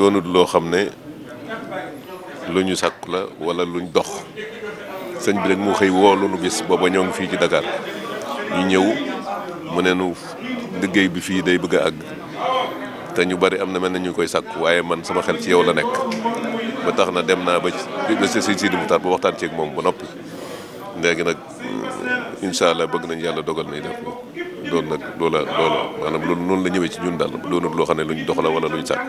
doonut loo xam ne lu ñu sàkk la wala luñ dox sëñ bi rek mu xëy woo lu nu gis booba ñoo ngi fii ci Dakar ñu ñëw mu ne nu liggéey bi fii day bëgg ag te ñu bari am na mel na ñu koy sàkk waaye man sama xel ci yow la nekk ba tax na dem naa ba ci sëñ mu Muxtaar ba waxtaan ceeg moom ba noppi léegi nag incha bëgg nañ yàlla dogal nañ def loolu nag loola loola maanaam loolu la ñëwee ci ñun daal doonut loo xam ne luñ dox la wala luñ sàkk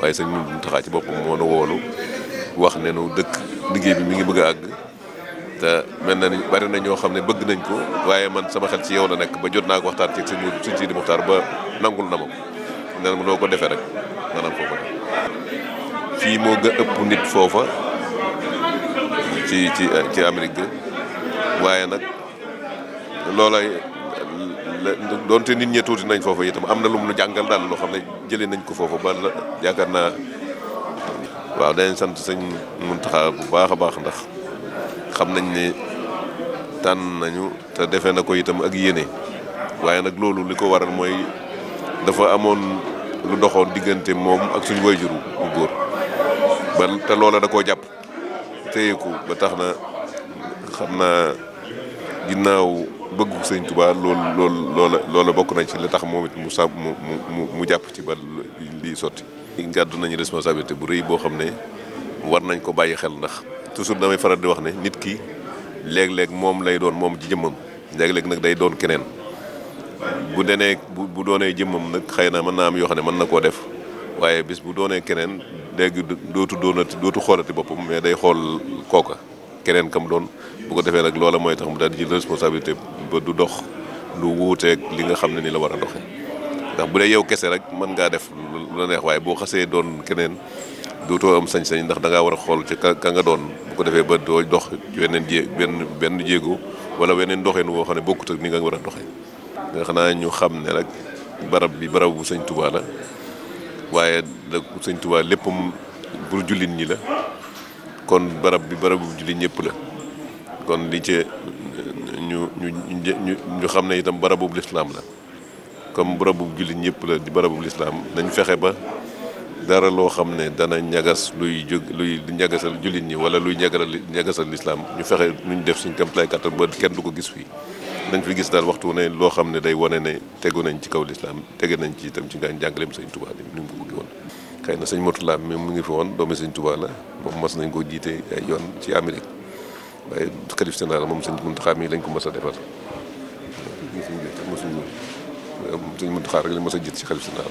waaye sëñ Mountakha taxaa ci boppam moo nu woolu wax ne nu dëkk liggéey bi mu ngi bëgg a àgg te mel na ni bari na ñoo xam ne bëgg nañ ko waaye man sama xel ci yow la nekk ba jot naa ko waxtaan ci mu suñ si di Muxtaar ba nangul na ma ne ma noo ko defee rek maanaam foofu la fii moo gën a ëpp nit foofa ci ci ci Amérique bi waaye nag loolay doonte nit ñi tuuti nañ foofu itam am na lu mu jàngal daal loo xam ne jëlee nañ ko foofu ba yaakaar naa waaw dañ sant sëñ Muntaxa bu baax a baax ndax xam nañ ne tànn nañu te defe na ko itam ak yéene waaye nag loolu li ko waral mooy dafa amoon lu doxoon diggante moom ak suñu wayjur bu ba te loola da koo jàpp téye ko ba tax na xam naa. ginnaaw bëggu sëñ Touba loolu loolu loola loola bokk na ci la tax moom it mu sàmm mu mu mu jàpp ci ba lii sotti. gàddu nañu responsabilité bu rëy boo xam ne war nañ ko bàyyi xel ndax toujours damay faral di wax ne nit ki léeg-léeg moom lay doon moom ci jëmmam léeg-léeg nag day doon keneen bu denee bu bu doonee jëmmam nag xëy na mën naa am yoo xam ne mën na koo def waaye bis bu doonee keneen léegi dootu doonati dootu xoolati boppam mais day xool kooka. keneen kam doon bu ko defee nag loola mooy tax mu daal di jël responsabilité ba du dox lu wuuteeg li nga xam ne ni la war a doxee ndax bu dee yow kese rek mën ngaa def lu la neex waaye boo xasee doon keneen dootoo am sañ-sañ ndax da war a xool ci ka nga doon bu ko defee ba doo dox weneen jé benn benn jéego wala weneen doxeen woo xam ne bokkut ak ni nga war a doxee nga xanaa ñu xam ne rek barab bi barab bu sëñ Tuubaa la waaye da sëñ lépp léppam pour jullit ñi la kon barab bi barabu julli ñëpp la kon li ci ñu ñu ñu ñu xam ne itam barabub lislaam la comme barabub julli ñëpp la di barabub lislaam nañ fexe ba dara loo xam ne dana ñagas luy jóg luy ñagasal jullit ñi wala luy ñagalal ñagasal lislaam ñu fexe nuñ def suñ kam lay kattan ba kenn du ko gis fii dañ fi gis daal waxtu ne loo xam ne day wane ne tegu nañ ci kaw lislaam tege nañ ci itam ci nga jàngaleem sëñ Tuubaa bi ni mu ko bëgg woon xëy na sëñ Murtala mi mu ngi fi woon doomi sëñ Tuubaa la moom mas nañ koo jiite ay yoon ci Amérique waaye xalif général moom sëñ Muntaxa mi lañ ko mës a defar mosuñu sëñ Muntaxa rek lañ mës a jiite ci xalif général